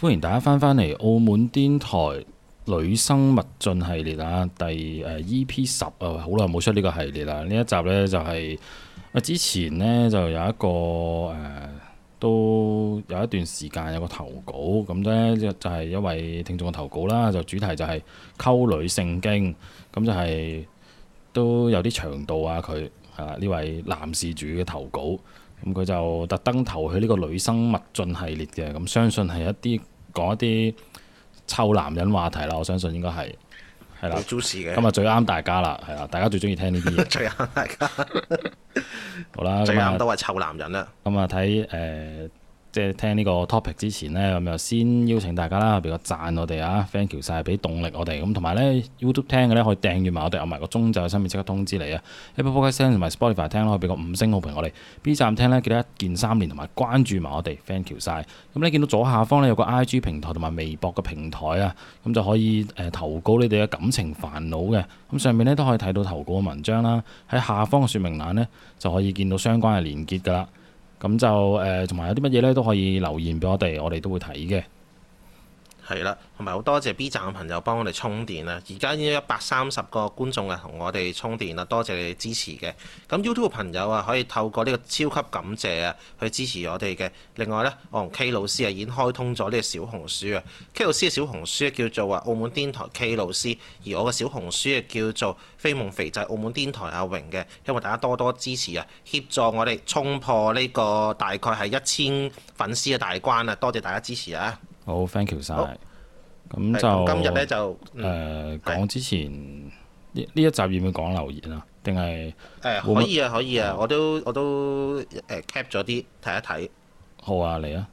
歡迎大家翻返嚟《澳門癲台女生勿進系列》呃、10，啊，第誒 EP 十啊，好耐冇出呢個系列啦。呢一集呢，就係、是、之前呢，就有一個誒、呃，都有一段時間有個投稿咁呢，就係一位聽眾嘅投稿啦。就主題就係、是、溝女性經，咁就係、是、都有啲長度啊。佢係啦，呢、啊、位男事主嘅投稿，咁佢就特登投去呢個女生勿進系列嘅，咁相信係一啲。講一啲臭男人話題啦，我相信應該係係啦。今日最啱大家啦，係啦，大家最中意聽呢啲嘢。 最啱大家， 好啦了，最啱都係臭男人啦。今日睇誒。即係聽呢個 topic 之前呢，咁就先邀請大家啦，俾個讚我哋啊 thank you 晒俾動力我哋。咁同埋呢 YouTube 聽嘅呢可以訂閱埋我哋，有埋個鐘就喺上面即刻通知你啊。Apple Podcast 同埋 Spotify 聽咯，可以俾個五星好評我哋。B 站聽呢，記得一鍵三連同埋關注埋我哋 thank you 晒。咁你見到左下方呢，有個 IG 平台同埋微博嘅平台啊，咁就可以誒投稿你哋嘅感情煩惱嘅。咁上面呢都可以睇到投稿嘅文章啦。喺下方嘅説明欄呢，就可以見到相關嘅連結㗎。咁就誒，同埋有啲乜嘢咧，都可以留言俾我哋，我哋都會睇嘅。係啦，同埋好多謝 B 站嘅朋友幫我哋充電啦！而家已經一百三十個觀眾嘅同我哋充電啦，多謝你哋支持嘅。咁 YouTube 朋友啊，可以透過呢個超級感謝啊，去支持我哋嘅。另外呢，我同 K 老師啊已經開通咗呢個小紅書啊，K 老師嘅小紅書叫做話澳門癲台 K 老師，而我嘅小紅書啊叫做飛夢肥仔澳門癲台阿榮嘅。希望大家多多支持啊，協助我哋衝破呢個大概係一千粉絲嘅大關啊！多謝大家支持啊！好，thank you 曬。咁就今日咧就誒講之前呢呢一集要唔要講留言啊？定係誒可以啊，可以啊，我都我都誒 cap 咗啲睇一睇。好啊，嚟啊！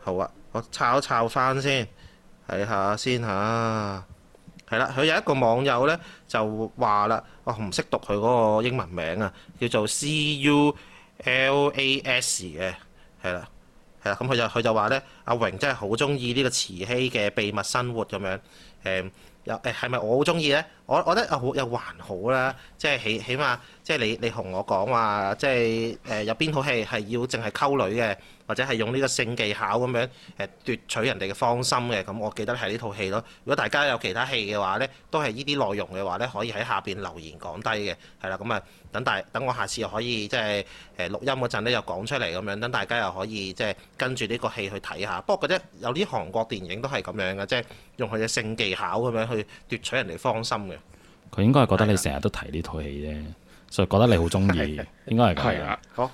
好啊，我抄一抄返先，睇下先嚇。係啦，佢有一個網友咧就話啦，我唔識讀佢嗰個英文名啊，叫做 Culas 嘅，係啦。係啊，咁佢、嗯、就佢就話咧，阿榮真係好中意呢個慈禧嘅秘密生活咁樣，誒又誒係咪我好中意咧？我覺得又還好啦，即係起起碼即係你你同我講話，即係誒有邊套戲係要淨係溝女嘅，或者係用呢個性技巧咁樣誒奪取人哋嘅芳心嘅，咁我記得係呢套戲咯。如果大家有其他戲嘅話呢，都係呢啲內容嘅話呢，可以喺下邊留言講低嘅，係啦，咁啊等大等我下次又可以即係誒錄音嗰陣咧又講出嚟咁樣，等大家又可以即係跟住呢個戲去睇下。不過覺得有啲韓國電影都係咁樣嘅，即係用佢嘅性技巧咁樣去奪取人哋芳心嘅。佢應該係覺得你成日都睇呢套戲啫，的所以覺得你好中意，的應該係咁。係啦的，好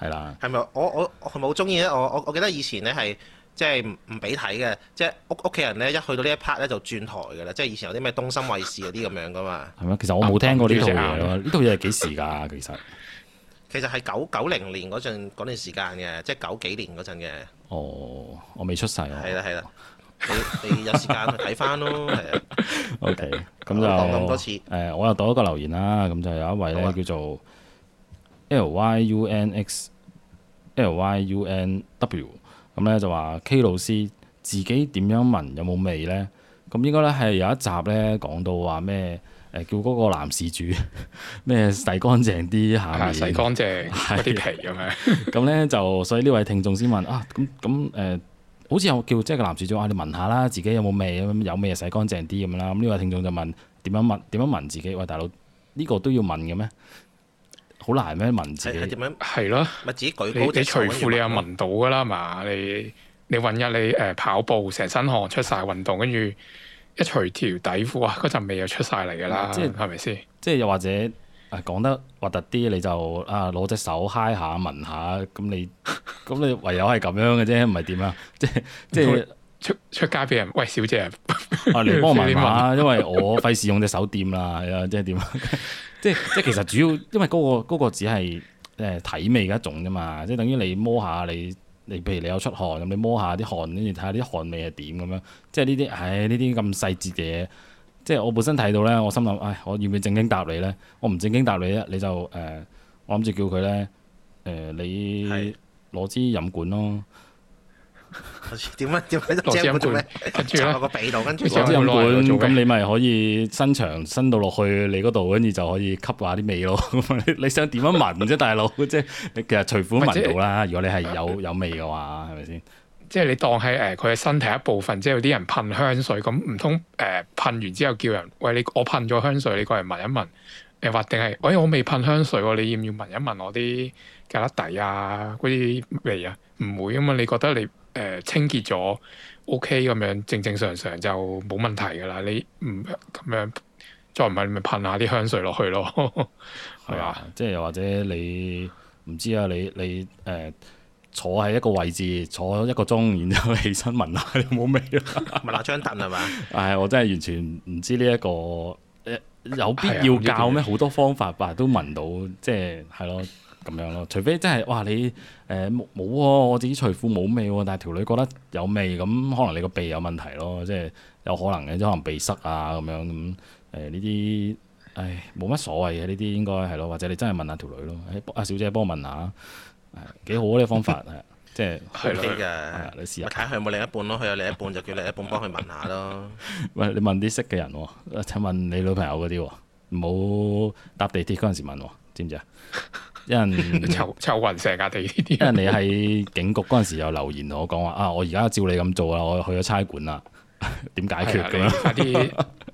係係啦。係咪我我我係咪好中意咧？我我我，我，我記得以前咧係即係唔唔俾睇嘅，即係屋屋企人咧一去到呢一 part 咧就轉台嘅啦。即係以前有啲咩東森衞視嗰啲咁樣噶嘛。係咩？ 其實我冇聽過呢套嘢。呢套嘢係幾時㗎？其實其實係九九零年嗰陣嗰段時間嘅，即係九幾年嗰陣嘅。哦，我未出世。係啦，係啦。你你有時間去睇翻咯，係啊。O K，咁就咁多次。誒，我又讀一個留言啦，咁就有一位咧叫做 L Y U N X L Y U N W，咁咧就話 K 老師自己點樣聞有冇味咧？咁應該咧係有一集咧講到話咩？誒，叫嗰個男事主咩洗乾淨啲下，洗乾淨，洗啲皮咁樣。咁咧就所以呢位聽眾先問啊，咁咁誒。好似我叫即係個男士做啊，你聞下啦，自己有冇味咁，有味，有味就洗乾淨啲咁啦。咁呢位聽眾就問：點樣聞？點樣聞自己？喂，大佬呢、這個都要聞嘅咩？好難咩聞自己？係係點樣？係咯，咪自己舉高啲。你除褲你又聞到噶啦嘛？你你搵日你誒、呃、跑步成身汗出晒，運動跟住一除條底褲啊，嗰陣味又出晒嚟噶啦。即係係咪先？即係又或者啊，講得核突啲，你就啊攞隻手揩下聞下，咁、嗯嗯、你。 咁你唯有係咁樣嘅啫，唔係點啊？即係即係出出街俾人喂，小姐啊，你幫我問下， 因為我費事用隻手掂啦、啦，即係點？即係即係其實主要，因為嗰個嗰個只係誒體味嘅一種啫嘛，即係等於你摸下你你譬如你有出汗咁，你摸下啲汗，跟住睇下啲汗味係點咁樣。即係呢啲，唉呢啲咁細節嘅嘢。即係我本身睇到咧，我心諗，唉、哎，我要唔要正經答你咧？我唔正經答你咧，你就誒、呃，我諗住叫佢咧，誒、呃、你。攞支飲管咯，點乜點喺度遮我做咩？插落、啊、個鼻度，跟住、啊、飲管咁你咪可以伸長伸到落去你嗰度，跟住就可以吸下啲味咯。 你想點樣聞啫， 大佬？即係你其實隨處聞到啦。如果你係有有味嘅話，係咪先？即係你當係誒佢嘅身體一部分，即係有啲人噴香水咁，唔通誒噴完之後叫人喂，你，我噴咗香水，你過嚟聞一聞。定係，喂、哎、我未噴香水喎、啊，你要唔要聞一聞我啲胳肋底啊？嗰啲味啊，唔會啊嘛？你覺得你誒、呃、清潔咗 OK 咁樣正正常常就冇問題㗎啦。你唔咁樣，再唔係咪噴下啲香水落去咯？係 嗎啊，即係又或者你唔知啊？你你誒、呃、坐喺一個位置坐一個鐘，然之後起身聞下你有冇味、啊？聞 下張凳係嘛？係、哎、我真係完全唔知呢一、這個。有必要教咩？好多方法吧，都聞到，即係係咯咁樣咯。除非真係哇，你誒冇喎，我自己除褲冇味喎，但係條女覺得有味，咁可能你個鼻有問題咯，即係有可能嘅，即可能鼻塞啊咁樣咁誒呢啲，唉冇乜所謂嘅呢啲，應該係咯，或者你真係問下條女咯，阿小姐幫我問下，幾好呢個方法。即係 OK 㗎，你試下睇佢有冇另一半咯。佢有另一半就叫另一半幫佢問下咯。喂，你問啲識嘅人喎。請問你女朋友嗰啲喎，唔好搭地鐵嗰陣時問喎，知唔知啊？一人抽抽雲石啊，地鐵啲。因為你喺警局嗰陣時有留言同我講話啊，我而家照你咁做啊，我去咗差館啦，點解決咁樣？快啲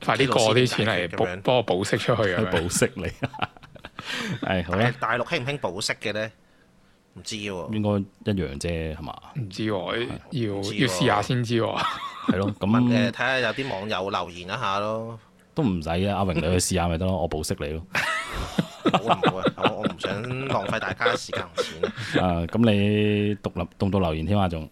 快啲過啲錢嚟補幫我保釋出去啊！保釋你，係好啦。大陸興唔興保釋嘅咧？唔知喎，應該一樣啫，係嘛？唔知喎，要要試下先知喎，係咯，咁問嘅睇下有啲網友留言一下咯，都唔使啊。阿榮你去試下咪得咯，我保釋你咯。冇啊冇啊，我我唔想浪費大家時間錢啊。咁你獨立動到留言添啊，仲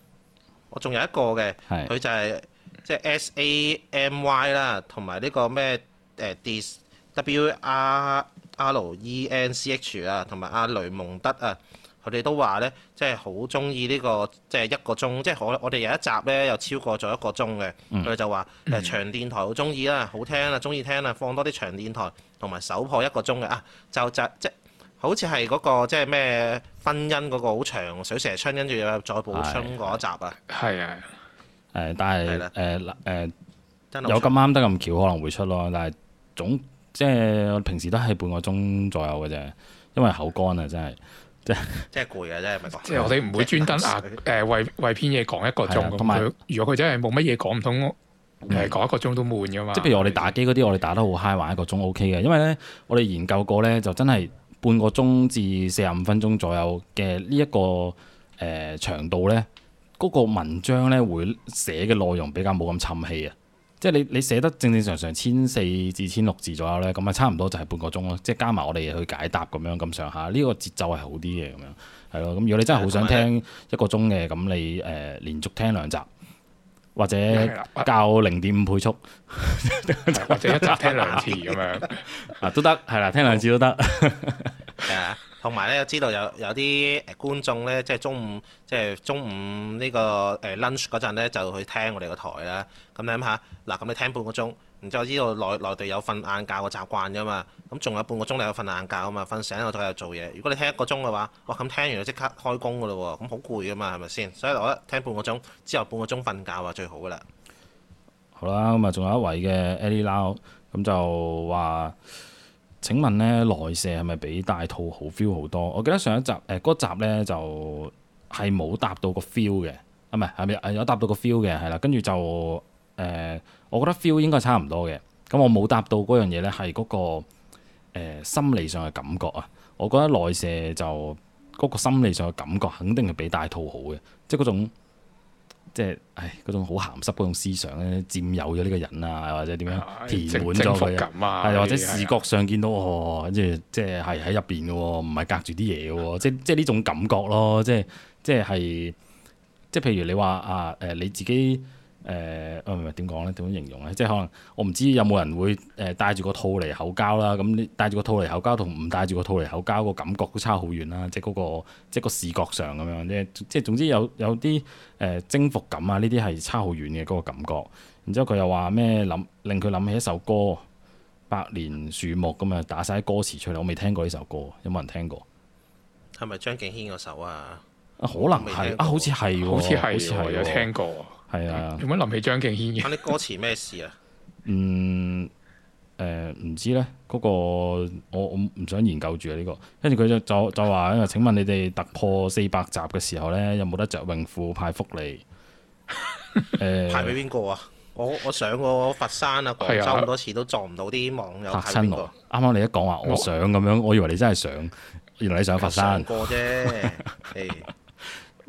我仲有一個嘅，佢就係即係 S A M Y 啦，同埋呢個咩誒 D W R R E N C H 啊，同埋阿雷蒙德啊。佢哋都話呢，即係好中意呢個，即係一個鐘，即係我我哋有一集呢，又超過咗一個鐘嘅。佢哋、嗯、就話誒、嗯、長電台好中意啦，好聽啦，中意聽啦，放多啲長電台同埋首播一個鐘嘅啊，就就即係好似係嗰個即係咩婚姻嗰個好長水蛇春，跟住再補充嗰集啊，係啊，但係有咁啱得咁巧可能會出咯，但係總即係平時都係半個鐘左右嘅啫，因為口乾啊，真係。真即係攰 啊！即係咪講？即係我哋唔會專登啊誒為為篇嘢講一個鐘同埋、啊、如果佢真係冇乜嘢講唔通，誒講一個鐘都悶㗎嘛、嗯。即係譬如我哋打機嗰啲，我哋打得好嗨，玩一個鐘 OK 嘅。因為咧，我哋研究過咧，就真係半個鐘至四十五分鐘左右嘅呢一個誒、呃、長度咧，嗰、那個文章咧會寫嘅內容比較冇咁沉氣啊。即係你你寫得正正常常千四至千六字左右咧，咁啊，差唔多就係半個鐘咯。即係加埋我哋去解答咁樣咁上下，呢、這個節奏係好啲嘅咁樣，係咯。咁如果你真係好想聽一個鐘嘅，咁你誒、呃、連續聽兩集，或者較零點五倍速，的 或者一集聽兩次咁樣啊都得，係啦，聽兩次， 次都得。好 同埋咧，知道有有啲誒觀眾咧，即係中午，即係中午，個午呢個誒 lunch 嗰陣咧，就去聽我哋個台啦。咁你諗下，嗱，咁你聽半個鐘，然之後知道內內地有瞓晏覺嘅習慣噶嘛，咁仲有半個鐘你有瞓晏覺啊嘛，瞓醒又再又做嘢。如果你聽一個鐘嘅話，哇，咁聽完就即刻開工噶咯喎，咁好攰噶嘛，係咪先？所以我覺得聽半個鐘之後半個鐘瞓覺啊，最好噶啦。好啦，咁啊，仲有一位嘅 Eddie Lau，咁就話。請問咧內射係咪比戴套好 feel 好多？我記得上一集誒嗰、呃、集咧就係冇答到個 feel 嘅，啊唔係咪有答到個 feel 嘅？係啦，跟住就誒、呃，我覺得 feel 應該差唔多嘅。咁我冇答到嗰樣嘢咧，係嗰、那個、呃、心理上嘅感覺啊。我覺得內射就嗰、那個心理上嘅感覺肯定係比戴套好嘅，即係嗰種。即係，唉，嗰種好鹹濕嗰種思想咧，佔有咗呢個人啊，或者點樣填滿咗佢啊，係或者視覺上見到喎，即係即係係喺入邊嘅，唔係隔住啲嘢嘅，即係即係呢種感覺咯，即係即係即係譬如你話啊，誒、呃、你自己。誒，唔唔點講咧？點樣形容呢？即係可能我唔知有冇人會誒帶住個套嚟口交啦。咁你帶住個套嚟口交同唔帶住個套嚟口交個感覺都差好遠啦。即係、那、嗰個，即係個視覺上咁樣，即即係總之有有啲誒、呃、征服感啊！呢啲係差好遠嘅嗰、那個感覺。然之後佢又話咩諗令佢諗起一首歌《百年樹木》咁啊，打晒歌詞出嚟。我未聽過呢首歌，有冇人聽過？係咪張敬軒個首啊？可能係啊，好似係，好似係，好似係有聽過。係啊，有冇諗起張敬軒嘅？睇啲歌詞咩事啊？嗯，誒、呃，唔知呢。嗰、那個我我唔想研究住啊呢、這個。跟住佢就就話，因為請問你哋突破四百集嘅時候呢，有冇得着泳褲派福利？誒、 呃，派俾邊個啊？我我上過佛山啊廣州咁多次，都撞唔到啲網友派親我。啱啱你一講話，我想咁樣，我以為你真係想，原來你上佛山過啫。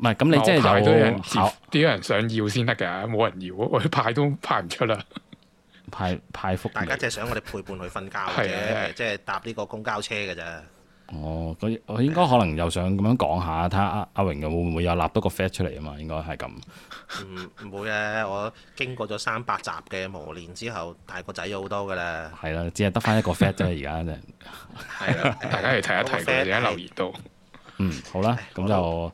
唔係，咁你即係有啲人接，啲人想要先得噶，冇人要，我派都派唔出啦。派派福，大家即係想我哋陪伴佢瞓覺啫，即係搭呢個公交車嘅咋哦，咁的我應該可能又想咁樣講下，睇下阿阿榮會唔會有立多個 f a t 出嚟啊嘛？應該係咁。唔唔、嗯、會嘅、啊，我經過咗三百集嘅磨練之後，大個仔好多噶啦。係啦， 只係得翻一個 f a t 啫，而家啫。係啦， 大家嚟睇一睇，大家留意到。嗯，好啦，咁唉就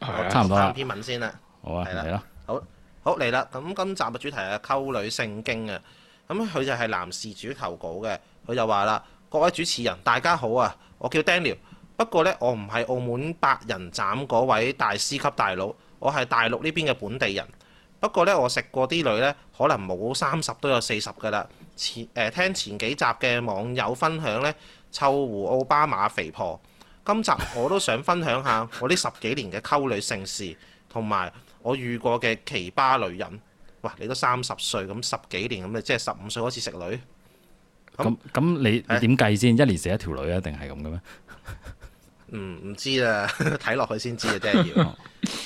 唉差唔多。睇篇文先啦，好啊，係啦的的，好好嚟啦。咁今集嘅主題係溝女聖經啊。咁佢就係男事主投稿嘅，佢就話啦：各位主持人，大家好啊，我叫 Daniel。不過呢，我唔係澳門八人斬嗰位大師級大佬，我係大陸呢邊嘅本地人。不過呢，我食過啲女呢，可能冇三十都有四十噶啦。前誒、呃、聽前幾集嘅網友分享呢，臭狐奧巴馬肥婆。今集我都想分享下我呢十幾年嘅溝女盛事，同埋我遇過嘅奇葩女人。哇！你都三十歲咁，十幾年咁，你即係十五歲開始食女？咁咁、嗯、你你點計先？是一年食一條女啊？定係咁嘅咩？唔 唔、嗯、知啊，睇落去先知啊，真係要。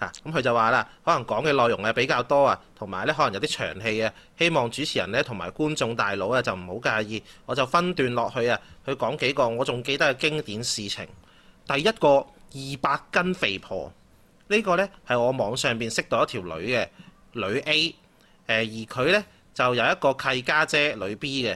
嚇！咁佢、啊、就話啦，可能講嘅內容啊比較多啊，同埋咧可能有啲長氣啊，希望主持人咧同埋觀眾大佬啊就唔好介意，我就分段落去啊，去講幾個我仲記得嘅經典事情。第一個二百斤肥婆。呢、這個呢係我網上邊識到一條女嘅女 A，、呃、而佢呢就有一個契家姐，姐女 B 嘅，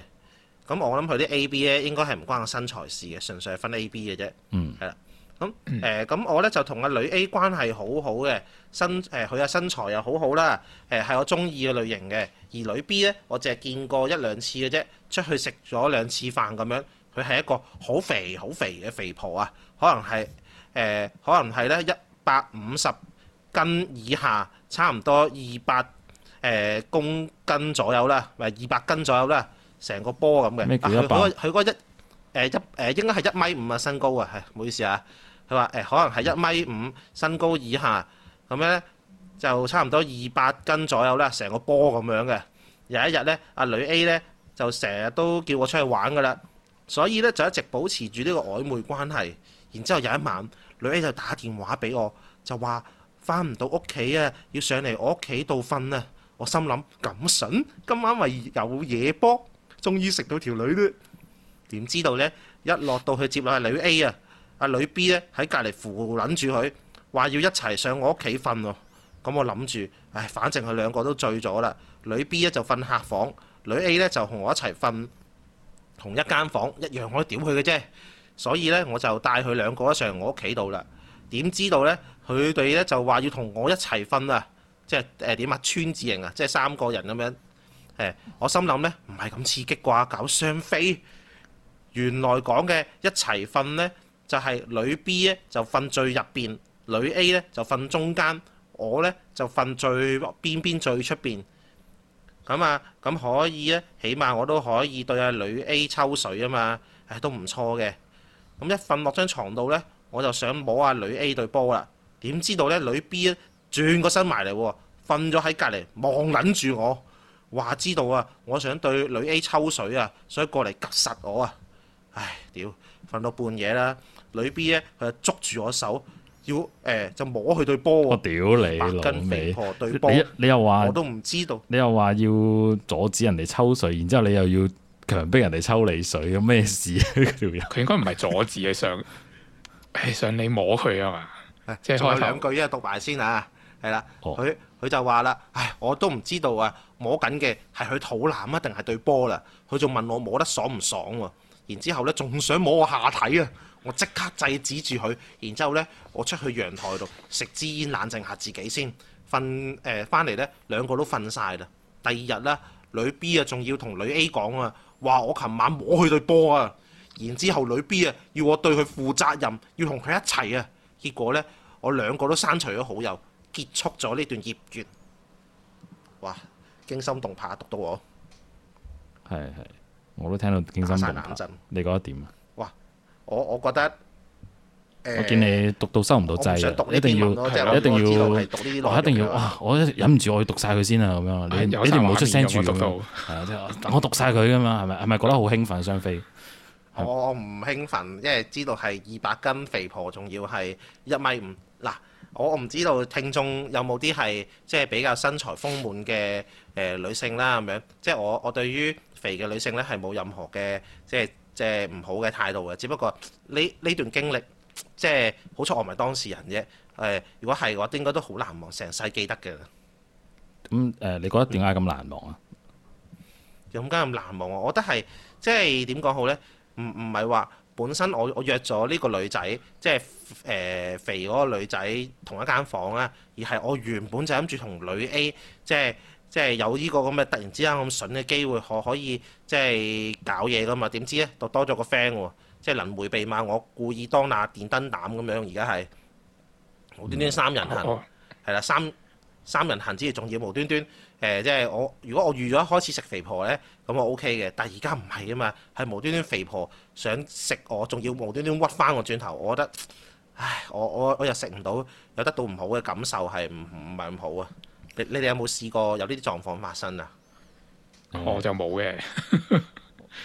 咁我諗佢啲 A B 咧應該係唔關我身材事嘅，純粹係分 A B 嘅啫。嗯，係啦。咁誒咁我咧就同阿女 A 關係好好嘅，身誒佢啊身材又好好啦，誒、呃、係我中意嘅類型嘅。而女 B 咧，我淨係見過一兩次嘅啫，出去食咗兩次飯咁樣，佢係一個好肥好肥嘅肥婆啊，可能係誒、呃、可能係咧一百五十斤以下，差唔多二百誒公斤左右啦，唔係二百斤左右啦，成個波咁嘅。咩幾多磅？佢嗰、啊、一誒一誒應該係一米五啊身高啊，哎、唔好意思啊！佢話誒，可能係一米五身高以下，咁咧就差唔多二百斤左右啦，成個波咁樣嘅。有一日咧，阿女 A 咧就成日都叫我出去玩噶啦，所以咧就一直保持住呢個曖昧關係。然之後有一晚，女 A 就打電話俾我，就話翻唔到屋企啊，要上嚟我屋企度瞓啊。我心諗咁筍，今晚咪有嘢波，終於食到條女啦。點知道咧？一落到去接阿女 A 啊！阿女 B 咧喺隔離扶撚住佢，話要一齊上我屋企瞓喎。咁、嗯、我諗住，唉，反正佢兩個都醉咗啦。女 B 咧就瞓客房，女 A 咧就同我一齊瞓同一間房，一樣可以屌佢嘅啫。所以咧，我就帶佢兩個上我屋企度啦。點知道咧，佢哋咧就話要同我一齊瞓啊，即係誒點啊，川字型啊，即係三個人咁樣誒、欸。我心諗咧，唔係咁刺激啩，搞雙飛。原來講嘅一齊瞓咧。就係女 B 咧就瞓最入邊，女 A 咧就瞓中間，我咧就瞓最邊邊最出邊。咁啊，咁可以咧，起碼我都可以對下女 A 抽水啊嘛，唉，都唔錯嘅。咁一瞓落張床度咧，我就想摸下女 A 對波啦。點知道咧，女 B 咧轉個身埋嚟喎，瞓咗喺隔離望撚住我，話知道啊，我想對女 A 抽水啊，所以過嚟拮實我啊。唉，屌，瞓到半夜啦～女 B 咧，佢就捉住我手，要誒、欸、就摸佢對波喎，我屌你白根肥婆對波。你你又話我都唔知道。你又話要阻止人哋抽水，然之後你又要強迫人哋抽你水，有咩事？呢條友佢應該唔係阻止想，係想 你摸佢啊嘛？即係仲有兩句呢？讀埋先啊，係啦，佢佢、哦、就話啦，唉，我都唔知道啊，摸緊嘅係佢肚腩啊，定係對波啦？佢仲問我摸得爽唔爽，啊？然之後咧，仲想摸我下體啊！我即刻制止住佢，然之後呢，我出去陽台度食支煙冷靜下自己先瞓。誒，呃，翻嚟呢，兩個都瞓晒啦。第二日呢，B 女 B 啊，仲要同女 A 講啊，話我琴晚摸佢對波啊。然之後女 B 啊，要我對佢負責任，要同佢一齊啊。結果呢，我兩個都刪除咗好友，結束咗呢段孽緣。哇！驚心動魄，讀到我。係係，我都聽到驚心動魄。你覺得點啊？我我覺得，我見你讀到收唔到掣，一定要，一定要，一定要哇！我忍唔住我要讀晒佢先啊咁樣，你你唔好出聲住。係我讀晒佢噶嘛，係咪？係咪覺得好興奮？雙飛，我唔興奮，因為知道係二百斤肥婆，仲要係一米五。嗱，我唔知道聽眾有冇啲係即係比較身材豐滿嘅誒女性啦，咁樣。即係我我對於肥嘅女性呢，係冇任何嘅即係。即係唔好嘅態度啊，只不過呢呢段經歷，即係好彩我唔係當事人啫。誒，如果係嘅話，我應該都好難忘，成世記得嘅。咁誒，你覺得點解咁難忘啊？點解咁難忘啊？我覺得係即係點講好呢？唔唔係話本身我我約咗呢個女仔，即係誒肥嗰個女仔同一間房啊，而係我原本就諗住同女 A 即係。即係有呢個咁嘅突然之間咁筍嘅機會可可以即係搞嘢噶嘛？點知咧就多咗個 friend 喎、啊，即係能迴避嘛？我故意當下電燈膽咁樣，而家係無端端三人行，係啦、哦哦、三三人行之餘仲要無端端誒、呃，即係我如果我預咗開始食肥婆咧，咁我 OK 嘅，但係而家唔係啊嘛，係無端端肥婆想食我，仲要無端端屈翻我轉頭，我覺得唉，我我我又食唔到，又得到唔好嘅感受，係唔唔係咁好啊？你哋有冇試過有呢啲狀況發生啊？嗯、我就冇嘅。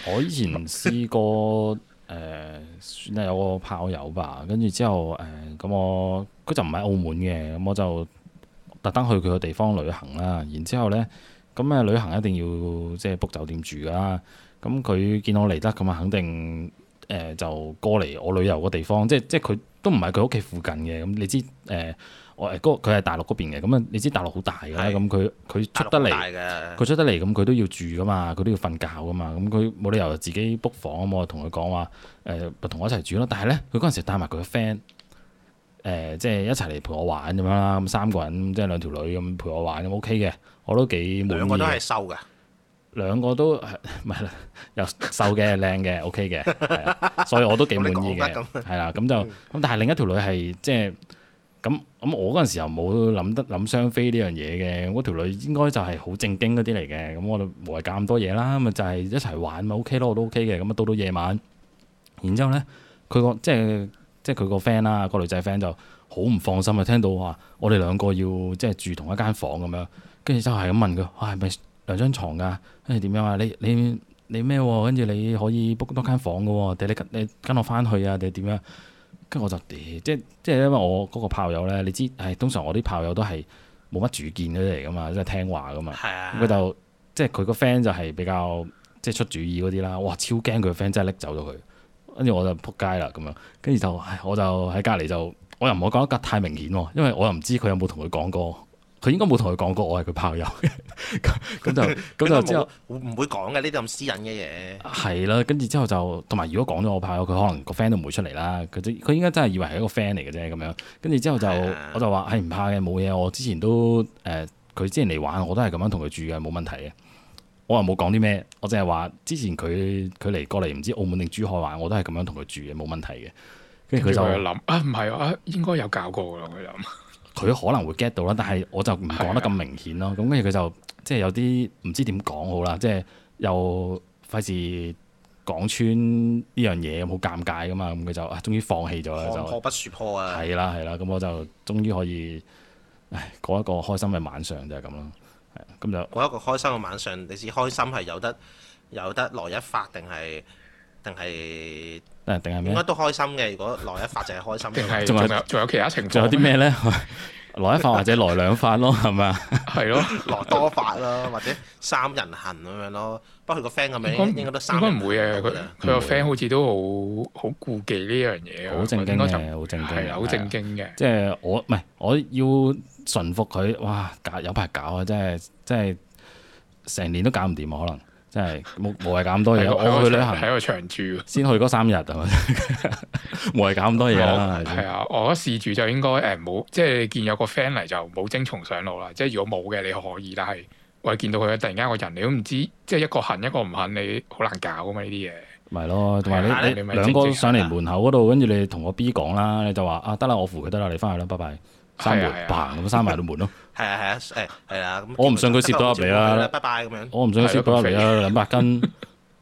我以前試過誒、呃，算係有個炮友吧。跟住之後誒，咁、呃、我佢就唔喺澳門嘅，咁我就特登去佢個地方旅行啦。然之後咧，咁誒旅行一定要即係 book 酒店住噶啦。咁佢見我嚟得咁啊，肯定誒、呃、就過嚟我旅遊嘅地方，即係即係佢都唔係佢屋企附近嘅。咁你知誒？呃佢係大陸嗰邊嘅，咁啊你知大陸好大嘅，咁佢佢出得嚟，佢出得嚟咁佢都要住噶嘛，佢都要瞓覺噶嘛，咁佢冇理由自己 book 房啊嘛，同佢講話誒同我一齊住咯。但係呢，佢嗰陣時帶埋佢嘅 friend，誒即係一齊嚟陪我玩咁樣啦。咁三個人即係兩條女咁陪我玩咁 OK 嘅，我都幾滿意。兩個都係瘦嘅，兩個都唔係又瘦嘅，靚嘅 OK 嘅， 所以我都幾滿意嘅。係啦， 咁就咁，但係另一條女係即係。咁咁我嗰陣時又冇諗得諗雙飛呢樣嘢嘅，我條女應該就係好正經嗰啲嚟嘅，咁我冇謂教咁多嘢啦，咁咪就係一齊玩咪 OK 咯，我都 OK 嘅。咁啊到到夜晚，然之後咧佢個即係即係佢個 friend 啦，個女仔 friend 就好唔放心啊，聽到話我哋兩個要即係住同一間房咁樣，跟住之後就係咁問佢，哇係咪兩張床噶？跟住點樣啊？你你你咩？跟住你可以 book 多間房嘅，定你跟你跟我翻去啊？定係點樣？跟住我就屌、欸，即即係因為我嗰個炮友咧，你知，係、哎、通常我啲炮友都係冇乜主見嗰啲嚟噶嘛，即、就、係、是、聽話噶嘛。係啊。佢就即係佢個 friend 就係比較即係出主意嗰啲啦。哇，超驚佢個 friend 真係拎走咗佢。跟住我就撲街啦咁樣。跟住就、哎，我就喺隔籬就，我又唔好講得太明顯，因為我又唔知佢有冇同佢講過。佢應該冇同佢講過我係佢炮友嘅，咁 就咁就 之後，唔 會講嘅呢啲咁私隱嘅嘢。係啦， 跟住之後就同埋，如果講咗我炮友，佢可能個 friend 都唔會出嚟啦。佢佢應該真係以為係一個 friend 嚟嘅啫咁樣。跟住之後就 我就話係唔怕嘅，冇嘢。我之前都誒，佢、呃、之前嚟玩我都係咁樣同佢住嘅，冇問題嘅。我又冇講啲咩，我淨係話之前佢佢嚟過嚟唔知澳門定珠海玩，我都係咁樣同佢住嘅，冇問題嘅。跟住佢就諗，唔係啊，應該有教過嘅咯，佢諗。佢可能會 get 到啦，但係我就唔講得咁明顯咯。咁跟住佢就即係有啲唔知點講好啦，即係又費事講穿呢樣嘢，咁好尷尬噶嘛。咁佢就啊，終於放棄咗啦，就破不説破啊。係啦係啦，咁我就終於可以過一個開心嘅晚上就係咁啦。係咁就過一個開心嘅晚上。你知開心係有得有得來一發定係？定係定定係咩？應該都開心嘅。如果來一發就係開心。仲仲有其他情況？仲有啲咩咧？來一發或者來兩發咯，係咪啊？係咯，來多發咯，或者三人行咁樣咯。不過佢個 friend 咁樣應該都三。唔會嘅。佢佢個 friend 好似都好好顧忌呢樣嘢，好正經嘅，好正經好正經嘅。即係我唔係我要順服佢。哇！搞有排搞啊，真係真係成年都搞唔掂可能。真係冇冇謂搞咁多嘢，我去旅行喺個長住，先去嗰三日啊，冇謂搞咁多嘢啦。係啊，我試住就應該誒冇，即係見有個 friend 嚟就冇精蟲上路啦。即係如果冇嘅你可以，但係我見到佢突然間個人你都唔知，即係一個肯，一個唔肯，你好難搞啊嘛呢啲嘢。咪咯，同埋你你兩個上嚟門口嗰度，跟住你同我 B 講啦，你就話啊，得啦，我扶佢得啦，你翻去啦，拜拜。閂門，嘭咁閂埋個門咯。係啊係啊，誒係啊。我唔信佢攝到入嚟啦。拜拜咁樣。我唔信佢攝到入嚟啦。兩百斤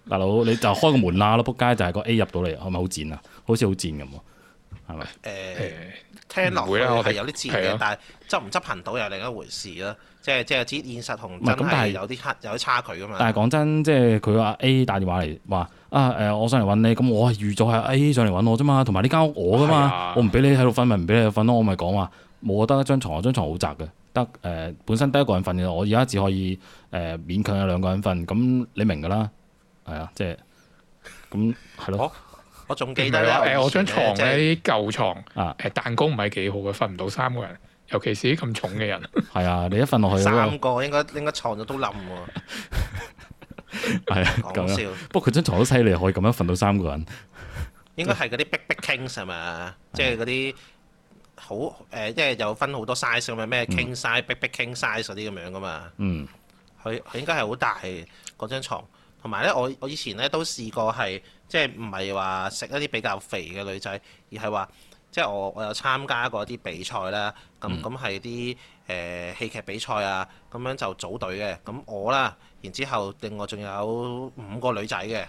大佬，你就開個門啦咯，撲街就係個 A 入到嚟，係咪好賤啊？好似好賤咁，係咪？誒，聽落咧係有啲賤嘅，但係執唔執行到又另一回事啦。即係即係接現實同真係有啲有啲差距噶嘛。但係講真，即係佢話 A 打電話嚟話啊，誒，我上嚟揾你，咁我係預咗係 A 上嚟揾我啫嘛，同埋呢間屋我噶嘛，我唔俾你喺度瞓咪唔俾你瞓咯，我咪講話。冇得一張床。我張床好窄嘅，得誒、呃、本身得一個人瞓嘅，我而家只可以誒、呃、勉強有兩個人瞓，咁你明㗎啦，係啊，即係咁係咯。我仲記得咧，誒、就是欸、我張牀咧，舊牀，彈弓唔係幾好嘅，瞓唔到三個人，尤其是咁重嘅人。係 啊，你一瞓落去、那個、三個應該應該牀就都冧喎。係啊 的，講笑。不過佢張床好犀利，可以咁樣瞓到三個人。 應該係嗰啲 big big kings 係嘛？即係嗰啲。 好誒，即、呃、係有分好多 size 咁樣，咩 king size、嗯、big big king size 嗰啲咁樣噶嘛。嗯。佢佢應該係好大嗰張牀。同埋咧，我我以前咧都試過係即係唔係話食一啲比較肥嘅女仔，而係話即係我我有參加過一啲比賽啦。咁咁係啲誒戲劇比賽啊，咁樣就組隊嘅。咁我啦，然之後另外仲有五個女仔嘅，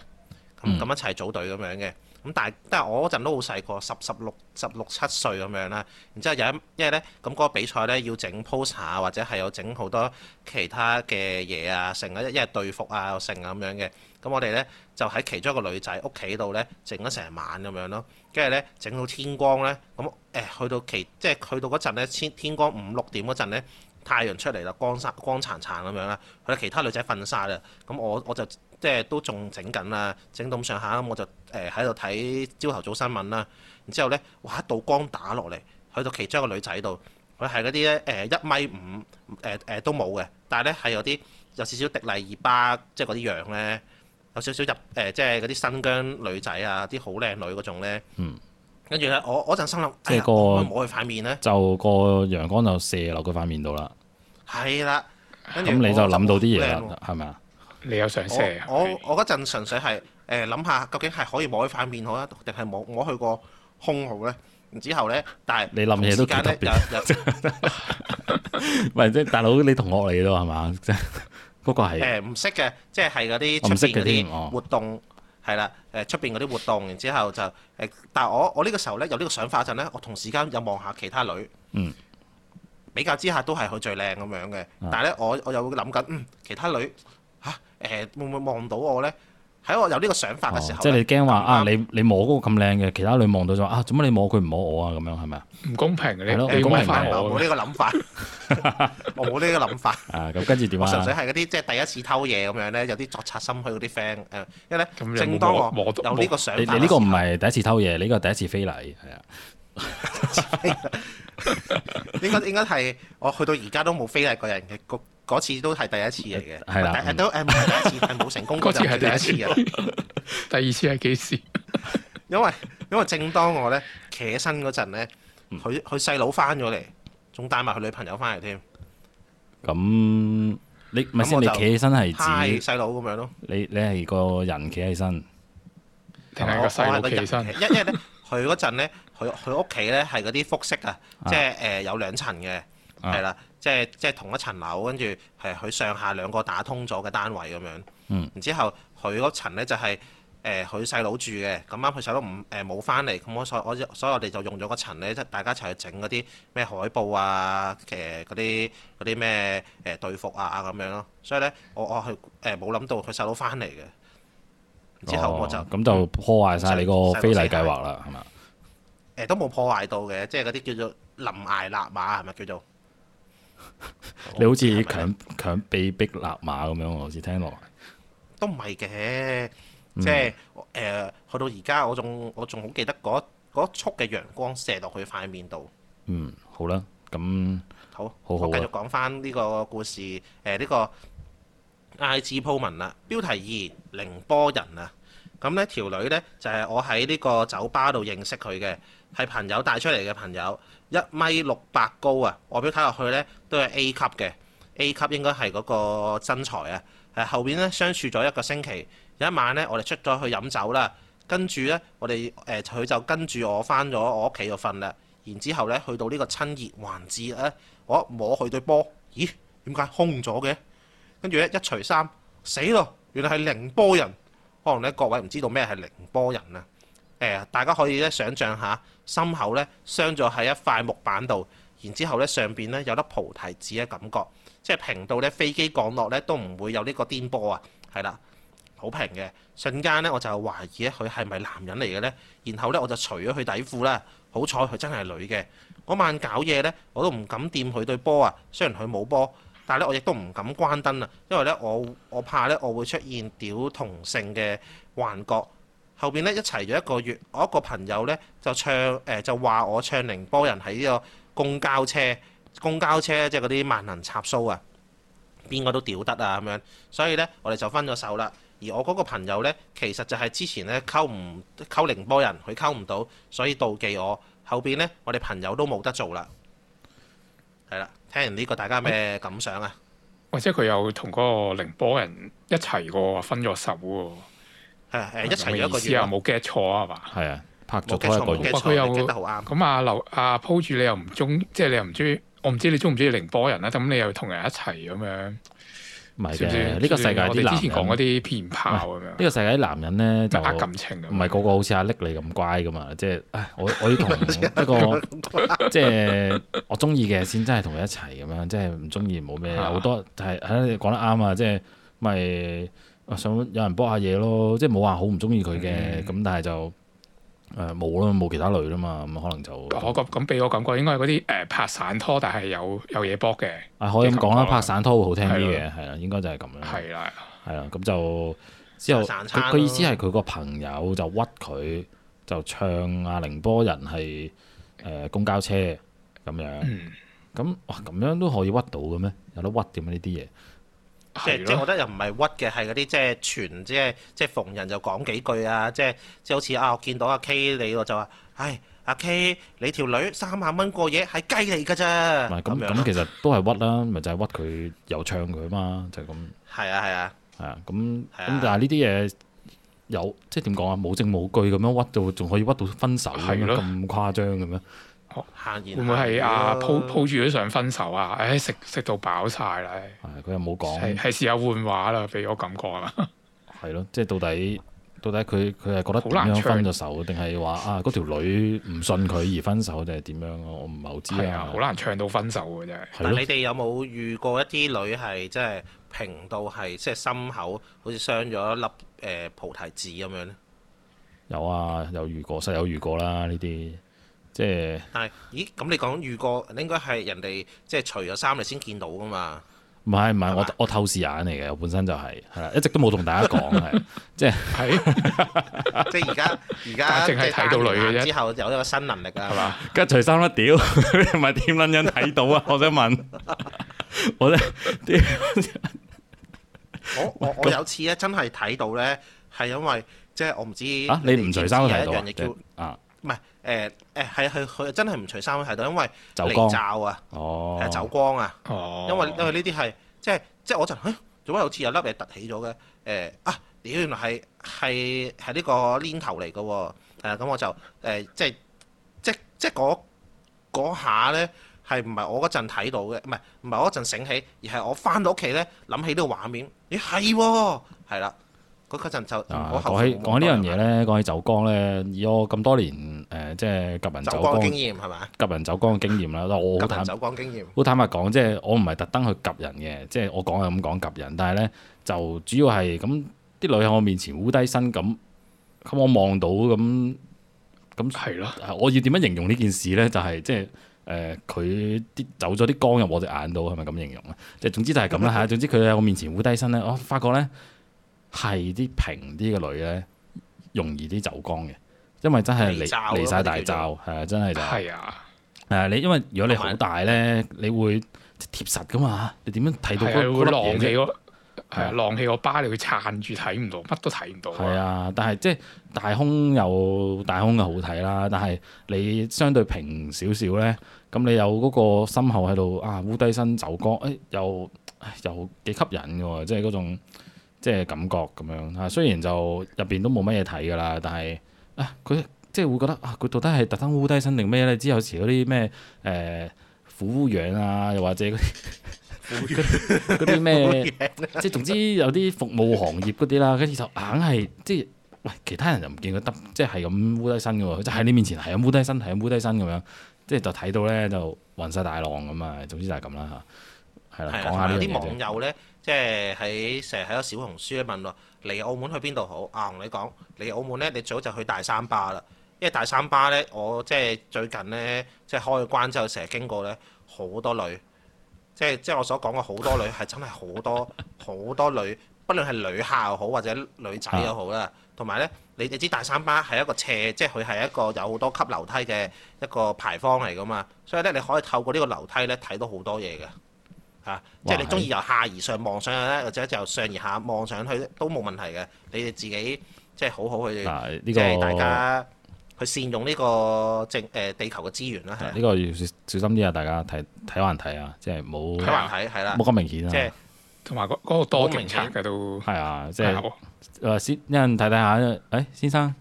咁咁一齊組隊咁樣嘅。咁但係都係我嗰陣都好細個，十十六、十六七歲咁樣啦。然之後有一，因為咧，咁、那、嗰個比賽咧要整 pose 啊，或者係有整好多其他嘅嘢啊，成日一一日對服啊，剩啊咁樣嘅。咁我哋咧就喺其中一個女仔屋企度咧整咗成晚咁樣咯。跟住咧整到天光咧，咁、嗯、誒、欸、去到其即係去到嗰陣咧，天光五六點嗰陣咧，太陽出嚟啦，光曬光殘殘咁樣啦。佢其他女仔瞓晒啦，咁我我就～即係都仲整緊啦，整到咁上下，咁我就誒喺度睇朝頭早新聞啦。然之後咧，哇一道光打落嚟，去到其中一個女仔度，佢係嗰啲咧誒一米五誒誒都冇嘅，但係咧係有啲有少少迪麗熱巴即係嗰啲樣咧，有少少入誒即係嗰啲新疆女仔啊，啲好靚女嗰種咧。嗯。跟住咧，我我陣心諗，即係個可唔可以摸佢塊面咧？就個陽光就射落佢塊面度啦。係啦。咁你就諗到啲嘢係咪啊？你有想卸啊？我我嗰陣純粹係誒諗下，究竟係可以摸塊面好咧，定係摸摸去個胸好咧？然之後咧，但係你諗嘢都幾特別。唔係即係大佬，你同學嚟嘅喎係嘛？即係嗰個係唔識嘅，即係係嗰啲出邊嗰啲活動係啦。誒出邊嗰啲活動，然後之後就誒、呃。但係我我呢個時候咧有呢個想法就咧，我同時間又望下其他女、嗯、比較之下都係佢最靚咁樣嘅。但係咧我我又會諗緊其他女。嚇誒會唔會望到我咧？喺我有呢個想法嘅時候，即係你驚話啊，你你摸嗰個咁靚嘅，其他女望到就話啊，做乜你摸佢唔摸我啊？咁樣係咪啊？唔公平嗰啲，你公平翻我，我冇呢個諗法，我冇呢個諗法。啊，咁跟住點啊？我純粹係嗰啲即係第一次偷嘢咁樣咧，有啲作賊心虛嗰啲 friend 誒，因為咧正當我有呢個想法。你你呢個唔係第一次偷嘢，你呢個第一次非禮係啊。應該應該係我去到而家都冇非禮過人嘅局。嗰次都係第一次嚟嘅，係啦，但係都誒冇第一次，係冇成功。嗰次係第一次嘅，第二次係幾時？因為因為正當我咧企起身嗰陣咧，佢佢細佬翻咗嚟，仲帶埋佢女朋友翻嚟添。咁你咪先，我哋企起身係指細佬咁樣咯？你你係個人企起身，定係個細佬企起身？因因為咧，佢嗰陣咧，佢佢屋企咧係嗰啲複式啊，即係誒有兩層嘅，係啦。即係即係同一層樓，跟住係佢上下兩個打通咗嘅單位咁樣、嗯，就是呃。然之後佢嗰層咧就係誒佢細佬住嘅。咁啱佢細佬唔誒冇翻嚟，咁我、嗯、所以我哋就用咗嗰層呢，即大家一齊去整嗰啲咩海報啊，誒嗰啲啲咩誒隊服啊咁樣咯。所以呢，我我係誒冇諗到佢細佬翻嚟嘅。之後我就咁、哦、就破壞晒、嗯、你個非禮計劃啦，係嘛、啊？都冇破壞到嘅，即係嗰啲叫做臨崖勒馬，係咪叫做？ 你好似強強被逼立馬咁樣，我好似聽落都唔係嘅，嗯、即係誒，去、呃、到而家我仲我仲好記得嗰束嘅陽光射落佢塊面度。嗯，好啦，咁好，好好繼續講翻呢個故事誒，呢好吧個、呃這個、IG 鋪文啦，標題二：寧波人啊，咁呢條女呢，就係、是、我喺呢個酒吧度認識佢嘅，係朋友帶出嚟嘅朋友。一米六八高啊，外表睇落去呢，都係 A 級嘅，A 級應該係嗰個身材啊。誒後面呢相處咗一個星期，有一晚呢，我哋出咗去飲酒啦，跟住呢，我哋誒佢就跟住我返咗我屋企度瞓啦。然之後呢，去到呢個親熱環節呢，我摸佢對波，咦點解空咗嘅？跟住呢，一除衫，死咯！原來係寧波人，可能呢各位唔知道咩係寧波人啊。大家可以咧想像下，心口咧傷咗喺一塊木板度，然之後咧上邊咧有粒菩提子嘅感覺，即係平到咧飛機降落咧都唔會有呢個顛簸啊，係啦，好平嘅。瞬間咧，我就懷疑咧佢係咪男人嚟嘅咧？然後咧我就除咗佢底褲啦，好彩佢真係女嘅。嗰晚搞嘢咧，我都唔敢掂佢對波啊，雖然佢冇波，但係咧我亦都唔敢關燈啊，因為咧我我怕咧我會出現屌同性嘅幻覺。後邊咧一齊咗一個月，我一個朋友呢，就唱誒、呃、就話我唱寧波人喺呢個公交車公交車即係嗰啲萬能插蘇啊，邊個都屌得啊咁樣，所以呢，我哋就分咗手啦。而我嗰個朋友呢，其實就係之前呢溝唔溝寧波人，佢溝唔到，所以妒忌我。後邊呢，我哋朋友都冇得做啦。係啦，聽完呢、這個大家咩感想啊？或者佢有同嗰個寧波人一齊過分咗手喎？誒誒一齊咗一個月，係冇 get 錯啊嘛，係啊，拍咗拖一個月。佢又好啱。咁啊，劉啊，鋪住你又唔中，即係你又唔中意。我唔知你中唔中意寧波人啦。咁你又同人一齊咁樣，唔係嘅。呢個世界我哋之前講嗰啲騙炮咁樣。呢個世界啲男人咧就呃感情，唔係個個好似阿叻你咁乖噶嘛。即係我我要同一個即係我中意嘅先，真係同佢一齊咁樣。即係唔中意冇咩好，多係係你講得啱啊！即係咪？想有人博下嘢咯，即係冇話好唔中意佢嘅，咁、嗯、但係就誒冇啦，冇、呃、其他女啦嘛，咁可能就我覺咁俾我感覺應該係嗰啲誒拍散拖，但係有有嘢博嘅。啊，可以咁講啦，嗯、拍散拖會好聽啲嘅，係啦了，應該就係咁樣。係啦了，係啦，咁就之後佢佢意思係佢個朋友就屈佢，就唱阿寧波人係誒公交車咁樣。嗯。咁哇，咁樣都可以屈到嘅咩？有得屈點呢啲嘢？即係即係我覺得又唔係屈嘅，係嗰啲即係傳即係即係逢人就講幾句啊，即係即係好似啊我見到阿 K 你就話，唉阿 K 你條女三萬蚊過夜係雞嚟㗎咋？咁咁其實都係屈啦，咪就係屈佢又唱佢啊嘛，就係咁。係啊係啊係啊咁咁，但係呢啲嘢有即係點講啊？冇證冇據咁樣屈到，仲可以屈到分手咁樣咁誇張嘅咩？行完會唔會係啊？抱抱住都想分手啊！唉、哎，食食到飽晒啦！係佢、哎、又冇講，係試下換話啦，俾我感覺啦。係咯、哎，即、就、係、是、到底到底佢佢係覺得點樣分咗手，定係話啊嗰條、那個、女唔信佢而分手，定係點樣？我我唔係好知。啊，好難唱到分手嘅、啊、啫。哎、但你哋有冇遇過一啲女係即係平到係即係心口好似傷咗一粒誒、呃、菩提子咁樣咧？有啊，有遇過，室友遇過啦呢啲。即係，咦？咁你講如果，你應該係人哋即係除咗衫你先見到噶嘛？唔係唔係，我我透視眼嚟嘅，本身就係，係啦，一直都冇同大家講嘅，即係，即係而家而家淨係睇到女嘅啫。之後有一個新能力啊，係嘛？跟住除衫咧，屌，你唔係點撚樣睇到啊？我想問，我咧，我我我有次咧，真係睇到咧，係因為即係我唔知，啊，你唔除衫都睇到一樣嘢，叫啊，唔係。誒誒係係佢真係唔除衫喺度，因為奶罩啊，誒、哦呃、走光啊，哦、因為因為呢啲係即係即係我陣做點解好似有粒嘢凸起咗嘅？誒、欸、啊屌！原來係係係呢個奶頭嚟嘅，啊，誒、啊、咁我就誒、欸、即係即即嗰下咧係唔係我嗰陣睇到嘅？唔係唔係我嗰陣醒起，而係我翻到屋企咧諗起呢個畫面，咦係喎，係啦。嗰陣就啊，講起講起呢樣嘢咧，講起走光咧，以我咁多年誒、呃，即係夾人，人走光經驗係嘛？夾、嗯、人走光嘅經驗啦，我好坦白講，即係我唔係特登去夾人嘅，即係我講係咁講夾人，但係咧就主要係咁啲女喺我面前烏、呃、低身咁，咁我望到咁咁係咯。的我要點樣形容呢件事咧？就係即係誒，佢、呃、啲走咗啲光入我隻眼度，係咪咁形容咧？即係總之就係咁啦嚇。總之佢喺我面前烏低、呃、身咧，我發覺咧。 係啲平啲嘅女咧，容易啲走光嘅，因為真係離離曬大罩，係啊，真係就係、是、啊。誒的，你因為如果你好大咧，嗯、你會貼實噶嘛？你點樣睇到佢？個會浪起個，係啊，浪、那、起個的巴，巴，你會撐住睇唔到，乜都睇唔到。係啊，但係即係大胸有大胸嘅好睇啦，但係你相對平少少咧，咁你有嗰個深厚喺度啊，烏低身走光，誒、哎、又又幾吸引嘅喎，即係嗰種。就是即係感覺咁樣嚇，雖然就入邊都冇乜嘢睇㗎啦，但係啊，佢即係會覺得啊，佢到底係特登烏低身定咩咧？知有時嗰啲咩誒婦養啊，又或者嗰啲嗰啲咩，即係總之有啲服務行業嗰啲啦，跟住 就硬係即係喂，其他人就唔見佢得，即係咁烏低身嘅喎， 就喺你面前係咁烏低身，係咁烏低身咁樣，即係就睇到咧就暈曬大浪咁啊，總之就係咁啦嚇。係有啲網友呢，即係喺成日喺個小紅書呢問我嚟澳門去邊度好啊？同你講嚟澳門呢，你最好就去大三巴啦，因為大三巴呢，我即係最近呢，即係開咗關之後，成日經過呢好多女，即係即係我所講嘅好多女係真係好多好 多女，不論係女客又好或者女仔又好啦。同埋呢，你你知大三巴係一個斜，即係佢係一個有好多級樓梯嘅一個牌坊嚟噶嘛，所以呢，你可以透過呢個樓梯呢，睇到好多嘢嘅。啊！即係你中意由下而上望上去咧，或者由上而下望上去都冇問題嘅。你哋自己即係好好去，即係大家去善用呢個正誒地球嘅資源啦。呢個要小心啲啊！大家睇睇環睇啊，即係冇睇環睇係啦，冇咁明顯啊！即係同埋嗰個多啲嘅都係啊！即係誒先一陣睇睇下誒先生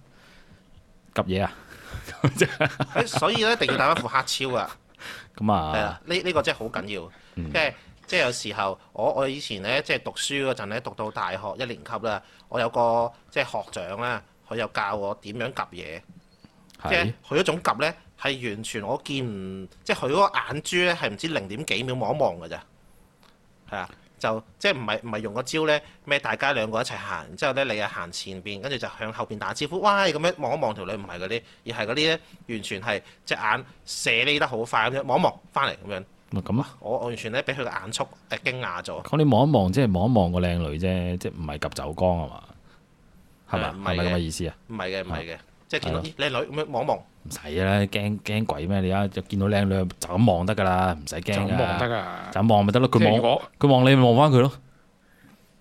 睇嘢啊！所以一定要戴一副黑超啊！咁啊，係啊！呢呢個真係好緊要，因為即係有時候，我我以前咧，即係讀書嗰陣咧，讀到大學一年級啦。我有個即係學長啦，佢又教我點樣及嘢。是即係佢嗰種 𥁑 咧，係完全我見唔，即係佢嗰個眼珠咧，係唔知零點幾秒望一望㗎咋。係啊，就即係唔係唔係用個招咧咩？大家兩個一齊行，然之後咧你就行前邊，跟住就向後邊打招呼。哇！咁樣望一望條女唔係嗰啲，而係嗰啲咧完全係隻眼射你得好快咁樣望一望翻嚟咁樣。咁啊！我完全咧俾佢個眼速誒驚訝咗。咁你望一望，即係望一望個靚女啫，即係唔係及走光啊嘛？係咪係咪咁嘅意思啊？唔係嘅，唔係嘅，即係見到靚女咁樣望一望。唔使啦，驚驚鬼咩？你而家見到靚女就咁望得噶啦，唔使驚噶。就咁望咪得咯。佢望佢望你望翻佢咯。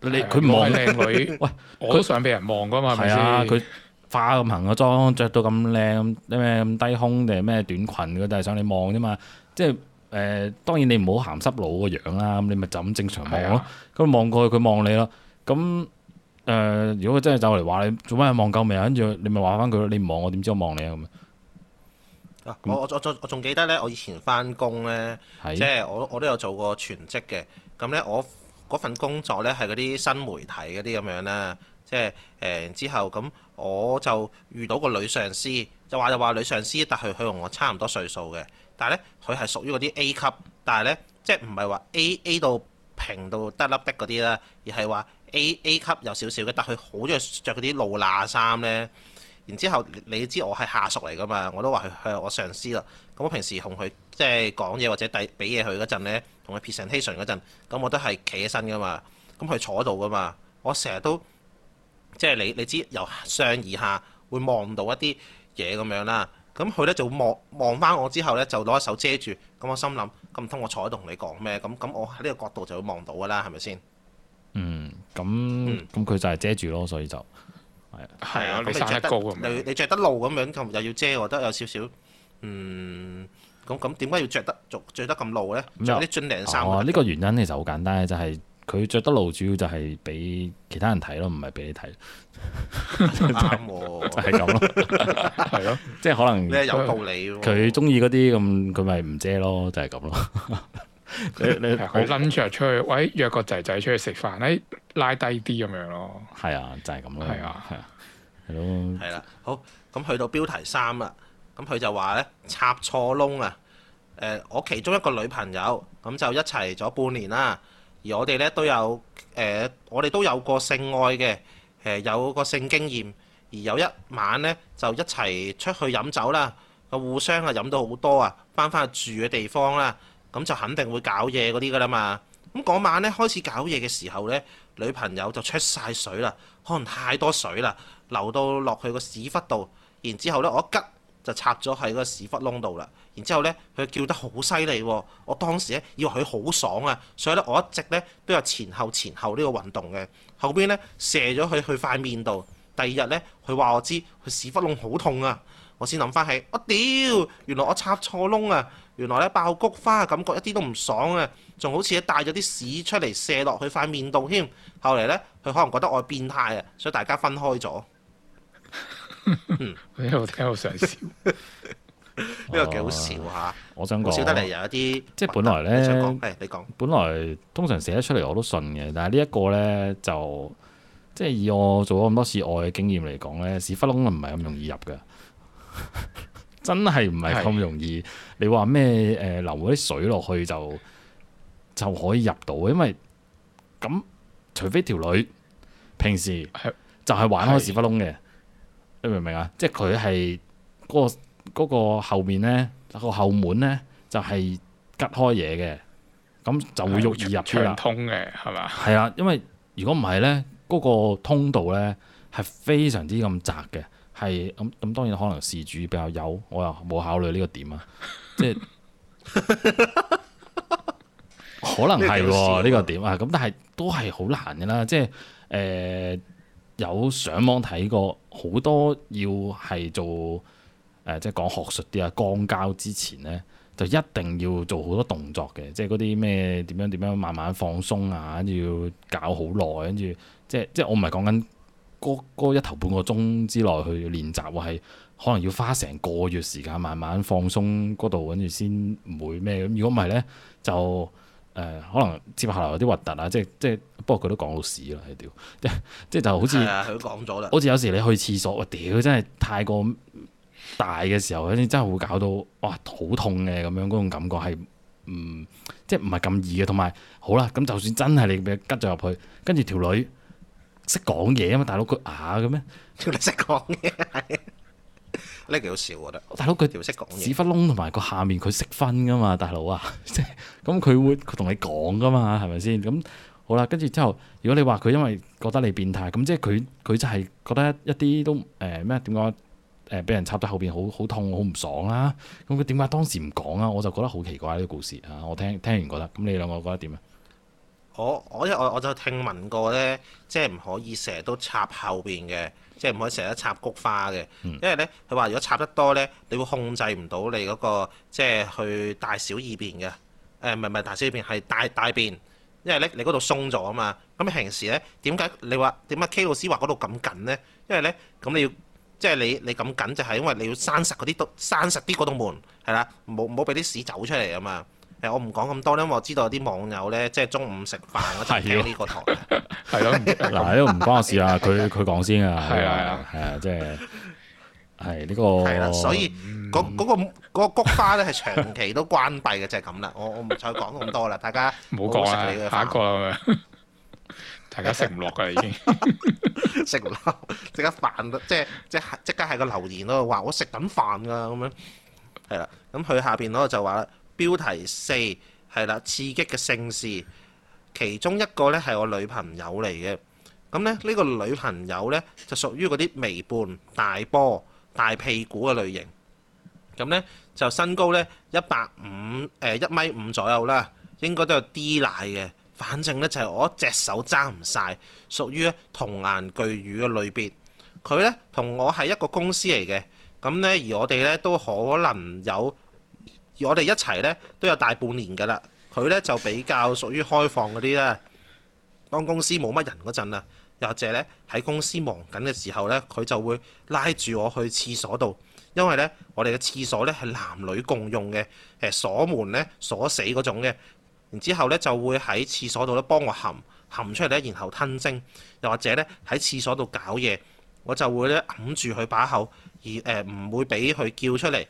你佢唔望靚女，喂，佢都想俾人望噶嘛？係啊，佢化咁行個妝，着到咁靚，咩咁低胸定係咩短裙，佢都係想你望啫嘛，即係。誒、呃，當然你唔好鹹濕佬個樣啦，咁你咪就咁正常望咯。咁望的過去佢望你咯。咁誒、呃，如果佢真係走嚟話你做咩望夠未啊？跟住你咪話翻佢咯。你唔望我點知我望你啊？咁啊，我我我仲我記得咧，我以前翻工咧，即係是我我都有做過全職嘅。咁咧，我份工作咧係嗰啲新媒體嗰啲咁樣啦。即係誒之後咁，我就遇到個女上司，就話就話女上司，但係佢同我差唔多歲數嘅。但係咧，佢係屬於嗰啲 A 級，但係咧，即係唔係話 A A 到平到得粒的嗰啲啦，而係話 A A 級有少少嘅，但佢好中意著嗰啲露娜衫咧。然之後你知我係下屬嚟噶嘛，我都話佢係我上司啦。咁我平時同佢即係講嘢或者遞俾嘢佢嗰陣咧，同佢 presentation 嗰陣，咁我都係企起身噶嘛，咁佢坐度噶嘛，我成日都即係你你知由上而下會望到一啲嘢咁樣啦。咁佢咧就望望翻我之後咧，就攞一手遮住。咁我心諗咁通我坐喺度同你講咩？咁咁我喺呢個角度就會望到噶啦，係咪先？嗯，咁咁佢就係遮住咯，所以就係啊，係啊，你著得高啊，你你著得露咁樣，又又要遮，我覺得有少少嗯，咁咁點解要著得著著得咁露咧？著啲樽領衫。哦，呢個原因其實好簡單嘅，就係。佢着得露，主要就係俾其他人睇咯，唔係俾你睇。啱 喎、就是，係咁咯，係、就、咯、是，即 係可能。即 有道理。佢中意嗰啲咁，佢咪唔遮咯，就係咁咯。你你我諗著出去，喂，約個仔仔出去食飯，哎，拉低啲咁樣咯。係 啊，就係咁咯。係 啊，係 啊，係咯。係啦，好，咁去到標題三啦，咁佢就話咧插錯窿啊。誒、呃，我其中一個女朋友咁就一齊咗半年啦。而我哋咧都有誒、呃，我哋都有個性愛嘅誒、呃，有個性經驗。而有一晚咧就一齊出去飲酒啦，互相啊飲到好多啊，翻返去住嘅地方啦，咁就肯定會搞嘢嗰啲㗎啦嘛。咁、那、嗰、個、晚咧開始搞嘢嘅時候咧，女朋友就出晒水啦，可能太多水啦，流到落去個屎忽度，然之後咧我一吉。就插咗喺個屎窟窿度啦，然之後呢，佢叫得好犀利喎！我當時呢，以為佢好爽啊，所以咧我一直呢都有前後前後呢個運動嘅。後邊呢，射咗佢去佢塊面度。第二日呢，佢話我知佢屎窟窿好痛啊，我先諗翻起我屌！哦，原來我插錯窿啊！原來呢爆菊花感覺一啲都唔爽啊，仲好似咧帶咗啲屎出嚟射落佢塊面度添。後嚟呢，佢可能覺得我變態啊，所以大家分開咗。我聽好、啊、我想笑，呢個幾好笑吓。我想講得嚟有一啲，即係本來呢，你講。本來通常寫得出嚟我都信嘅，但係呢一個呢，就，即係以我做咗咁多次愛嘅經驗嚟講呢，屎忽窿唔係咁容易入嘅， 真係唔係咁容易。 是你話咩？誒、呃，流嗰啲水落去就就可以入到，因為咁除非條女平時就係玩開屎忽窿嘅。是你明唔明啊？即係佢係嗰個嗰、嗰個後面咧，嗰個後門咧就係、是、吉開嘢嘅，咁就會容易入去啦。暢通嘅係嘛？係啦、啊，因為如果唔係呢，嗰、嗰個通道呢，係非常之咁窄嘅，係咁咁，當然可能事主比較有，我又冇考慮呢個點啊，即係 可能係呢、啊呢個點啊，咁但係都係好難嘅啦，即係誒。呃有上網睇過好多要係做誒，呃、即係講學術啲啊，肛交之前呢，就一定要做好多動作嘅，即係嗰啲咩點樣點樣慢慢放鬆啊，跟住要搞好耐，跟住即即係我唔係講緊嗰嗰一頭半個鐘之內去練習，我係可能要花成個月時間慢慢放鬆嗰度，跟住先唔會咩。咁如果唔係呢，就。誒、呃，可能接下嚟有啲核突啊！即係即係，不過佢都講到屎啦，係屌！即係即係就好似，佢講咗啦。好似有時你去廁所，我屌真係太過大嘅時候，嗰啲真係會搞到哇好痛嘅咁樣，嗰種感覺係唔即係唔係咁易嘅。同埋好啦，咁就算真係你俾佢拮咗入去，跟住條女識講嘢啊嘛，大佬佢啞嘅咩？條女識講嘢。啊呢 好笑覺得、 哦，大佬佢條識講嘢，屎忽窿同埋個下面佢識分噶嘛，大佬啊，即係咁佢會佢同你講噶嘛，係咪先？咁好啦，跟住之後，如果你話佢因為覺得你變態，咁即係佢佢就係覺得一啲都誒咩點講誒，俾人插咗後邊好好痛好唔爽啊。咁佢點解當時唔講啊？我就覺得好奇怪呢個故事啊！我聽聽完覺得，咁你兩個覺得點啊？我我因為我就聽聞過咧，即係唔可以成日都插後邊嘅。即係唔可以成日插菊花嘅，因為咧佢話如果插得多咧，你會控制唔到你嗰個即係去大小二便嘅，誒唔係唔係大小二便係大大便，因為咧你嗰度鬆咗啊嘛，咁平時咧點解你話點解 K 老師話嗰度咁緊咧？因為咧咁你要即係你你咁緊就係因為你要閂實嗰啲閂實啲嗰棟門係啦，冇冇俾啲屎走出嚟啊嘛。誒，我唔講咁多咧，因為我知道有啲網友咧，即係中午食飯我睇講呢個台，係咯，嗱呢個唔關我事啊，佢佢講先啊，係啊係啊，即係係呢個係啦，所以嗰嗰個菊花咧係長期都關閉嘅，就係咁啦。我我唔再講咁多啦，大家唔好講啦，下一個啦，大家食唔落㗎啦，已經食唔落，即刻飯即即即刻係個留言嗰度話我食緊飯㗎咁樣，係啦，咁佢下邊嗰個就話。標題四係啦，刺激嘅性事，其中一個呢係我女朋友嚟嘅。咁呢，呢、呢個女朋友呢，就屬於嗰啲微胖大波大屁股嘅類型。咁呢，就身高呢，一百五，誒一米五左右啦，應該都有啲奶嘅。反正呢，就係、係、我一隻手揸唔晒，屬於童顏巨乳嘅類別。佢呢，同我係一個公司嚟嘅，咁呢，而我哋呢，都可能有。而我哋一齊咧都有大半年㗎啦，佢咧就比較屬於開放嗰啲啦。當公司冇乜人嗰陣啊，又或者咧喺公司忙緊嘅時候咧，佢就會拉住我去廁所度，因為咧我哋嘅廁所咧係男女共用嘅，誒鎖門咧鎖死嗰種嘅。然之後咧就會喺廁所度咧幫我含含出嚟咧，然後吞精，又或者咧喺廁所度搞嘢，我就會咧揞住佢把口，而誒唔會俾佢叫出嚟。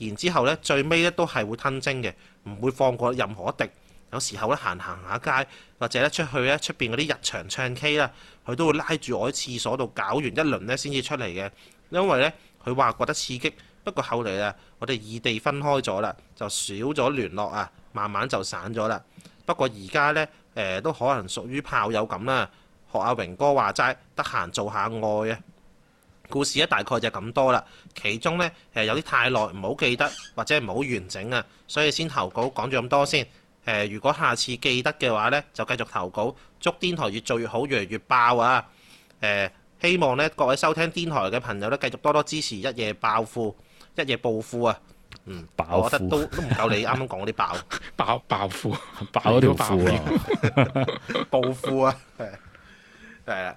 然之後咧，最尾咧都係會吞精嘅，唔會放過任何一滴。有時候咧行行下街，或者咧出去咧出面嗰啲日常唱 K 啦，佢都會拉住我喺廁所度搞完一輪咧先至出嚟嘅。因為咧佢話覺得刺激。不過後嚟啊，我哋異地分開咗啦，就少咗聯絡啊，慢慢就散咗啦。不過而家咧誒都可能屬於炮友咁啦。學阿榮哥話齋，得閒做下愛啊！故事咧大概就咁多啦，其中呢，誒有啲太耐唔好記得或者唔好完整啊，所以先投稿講咗咁多先。誒、呃，如果下次記得嘅話呢，就繼續投稿，祝癲台越做越好，越嚟越爆啊！呃、希望呢各位收聽癲台嘅朋友呢，繼續多多支持，一夜暴富，一夜暴富啊！嗯，富我覺得都都唔夠你啱啱講嗰啲爆爆爆富，暴條褲啊！暴富，暴，富 暴富啊！係係啦，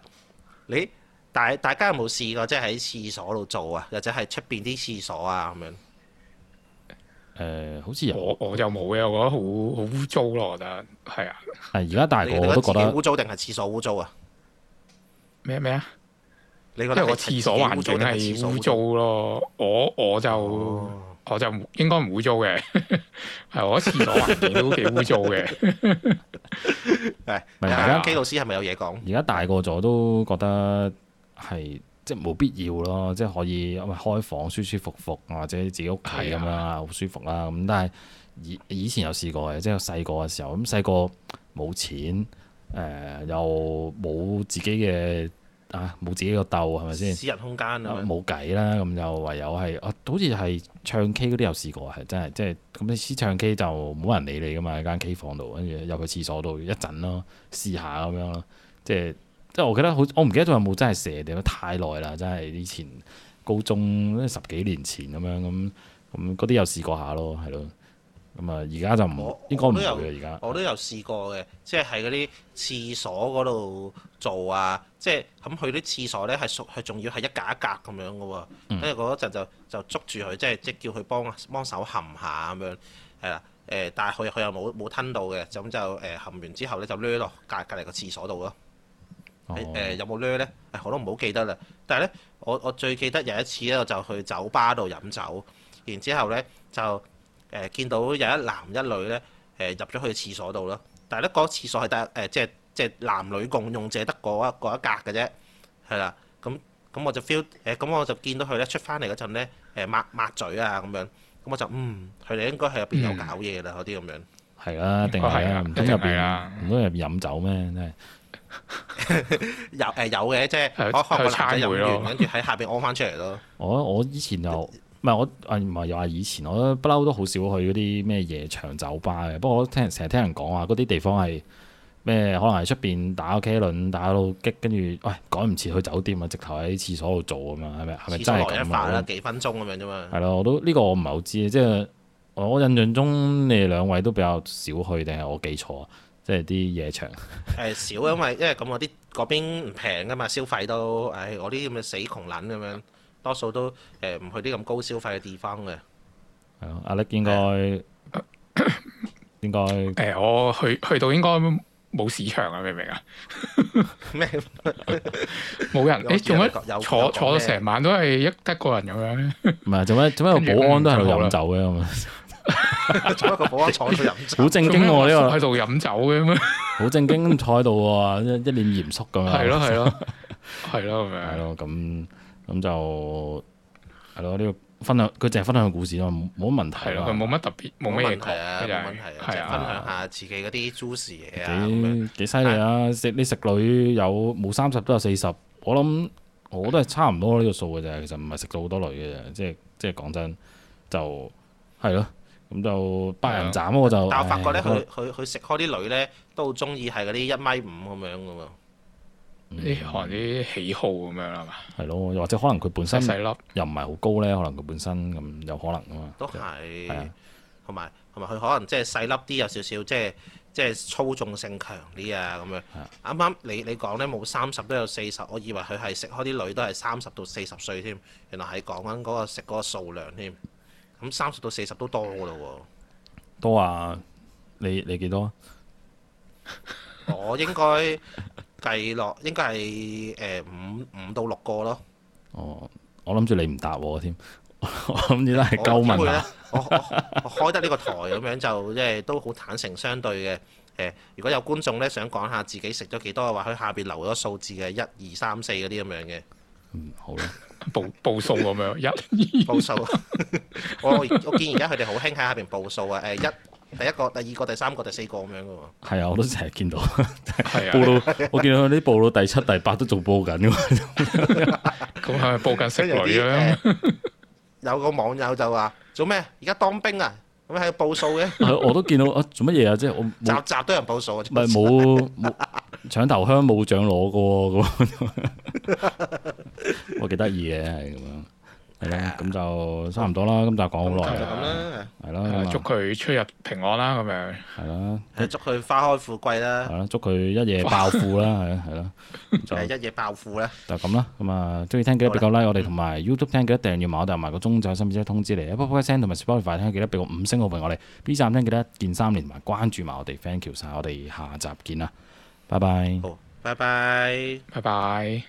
你 富、啊。 啊大大家有冇試過即係喺廁所度做啊，或者係出邊啲廁所啊咁樣？誒、呃，好似有我我就冇嘅，我覺得好好污糟咯。我覺得係啊。係而家大個我都覺得污糟定係廁所污糟啊？咩咩啊？你覺得我廁所環境係污糟咯？我我就我就應該唔污糟嘅，係我廁所環境都幾污糟嘅。係而家 K 老師係咪有嘢講？而家大個咗都覺得。係即係冇必要咯，即係可以開房舒舒服服，或者自己屋企咁樣好是的 舒服啦。咁。但係以以前有試過嘅，即係細個嘅時候咁細個冇錢，誒、呃、又冇自己嘅，啊冇自己個竇係咪先私人空間啊冇計啦，咁就唯有係我、啊、好似係唱 K 嗰啲有試過，係真係即係咁你私唱 K 就冇人理你噶嘛，間 K 房度跟住入去廁所度一陣咯，試下咁樣咯，即係。即係我記得好，我唔記得仲有冇真係射定咯？太耐啦，真係以前高中十幾年前咁樣咁咁嗰啲又試過下咯，係咯咁啊。而家就唔應該唔會，嘅而家。我都有試過嘅，即係喺嗰啲廁所嗰度做啊。即係咁佢啲廁所呢，係屬係仲要係一格一格咁樣嘅喎、啊。跟住嗰陣就就捉住佢，即係即叫佢幫幫手含下咁樣係啦。誒，但係佢佢又冇冇吞到嘅，咁就誒含完之後呢，就攞落隔隔離個廁所度咯。誒誒有冇 ler 咧？誒我都唔好記得啦。但係咧，我我最記得有一次咧，我就去酒吧度飲酒，然之後咧就誒見到有一男一女咧誒入咗去廁所度咯。但係咧，嗰個廁所係得誒即係即係男女共用，只係得嗰一嗰一格嘅啫。係啦，咁咁我就 feel 誒，咁我就見到佢咧出翻嚟嗰陣咧誒抹抹嘴啊咁樣。咁我就嗯，佢哋應該係入邊有搞嘢啦，嗰啲咁樣。係啊，定係啊，唔通入邊唔通入邊飲酒咩？真係。有誒，有嘅即係我我男仔入，跟住喺下邊安翻出嚟咯。我我以前就，唔係我唔係又話以前，我不嬲都好少去嗰啲咩夜場酒吧嘅。不過聽成日聽人講話嗰啲地方係咩可能喺出邊打 K 輪打到激，跟住喂趕唔切去酒店啊，直頭喺廁所度做咁樣，係咪係咪真係咁啊？幾分鐘咁樣啫嘛。係咯，我都呢個我唔係好知，即係我印象中你哋兩位都比較少去，定係我記錯啊？即係啲夜場，誒少，因為因為咁我啲嗰邊唔平噶嘛，消費都，唉，我呢啲咁嘅死窮撚咁樣，多數都誒唔去啲咁高消費嘅地方嘅。係啊，阿力應該應該誒，我去去到應該冇市場啊，明唔明啊？咩？冇人誒，做乜坐坐咗成晚都係一個人咁樣？唔係，做乜做乜？保安都喺度飲酒嘅嘛？坐一個保安坐喺度飲酒，好正經喎，呢個喺度飲酒嘅咩？好正經坐喺度，一一臉嚴肅咁樣。係咯係咯，係咯咁。係咯咁咁就係咯，呢個分享，佢淨係分享個故事咯，冇乜問題咯。佢冇乜特別，冇乜嘢啊，冇問題啊，分享下自己嗰啲諸事嘢啊。幾幾犀利啊！食你食女有冇三十都有四十，我諗我都係差唔多呢個數嘅啫。其實唔係食咗好多女嘅，即係即係講真就係咯。咁就百人斬我就，就但我發覺咧，佢佢佢食開啲女咧，都中意係嗰啲一米五咁樣噶喎。可能啲喜好咁樣啦嘛。係咯、嗯，又、嗯、或者可能佢本身細粒，又唔係好高咧，可能佢本身咁有可能啊嘛。都係是，同埋同埋佢可能即係細粒啲，有少少即係即係操縱性強啲啊咁樣。啱啱的你你講咧冇三十都有四十，我以為佢係食開啲女都係三十到四十歲添，原來係講緊嗰個食嗰個數量添。咁三十到四十都多噶咯喎，多啊！你你幾多啊？ 我應該計落，應該係誒五五到六個咯。哦，我諗住你唔答我添，我諗住都係夠問我，我，我，我開得呢個台咁樣就即係都好坦誠相對嘅。誒、呃，如果有觀眾咧想講下自己食咗幾多，嘅話佢下邊留咗數字嘅一二三四嗰啲咁樣嘅。嗯，好啦，報報數咁樣，一二 報數，我我見而家佢哋好興喺下邊報數啊，誒一，第一個、第二個、第二個、第三個、第四個咁樣噶嘛，係啊，我都成日見到，係啊，報到，啊、我見到啲報到第七、第八都仲報緊，咁係咪報緊新人啲？有個網友就話做咩？而家當兵啊？咁喺度報數嘅， 我都見到啊！做乜嘢啊？即係 我集集都有人報數，唔係冇搶頭香冇獎攞嘅，咁我幾得意嘅，係咁、啊、樣。咁就差唔多啦，咁就講好耐啦。係咯，祝佢出入平安啦，咁樣係啦。祝佢花開富貴啦，係啦，祝佢一夜暴富啦，係啦。一夜暴富啦。就咁啦，咁啊，中意聽記得俾個 like，我哋同埋 YouTube 聽記得訂閱埋，我哋埋個鐘仔，先至通知你，一卜卜一聲，同埋 Spotify 聽嘅記得俾個五星好評我哋。B 站聽記得一鍵三連埋，關注埋我哋 Thank you 晒，我哋下集見啦，拜拜。好，拜拜，拜拜。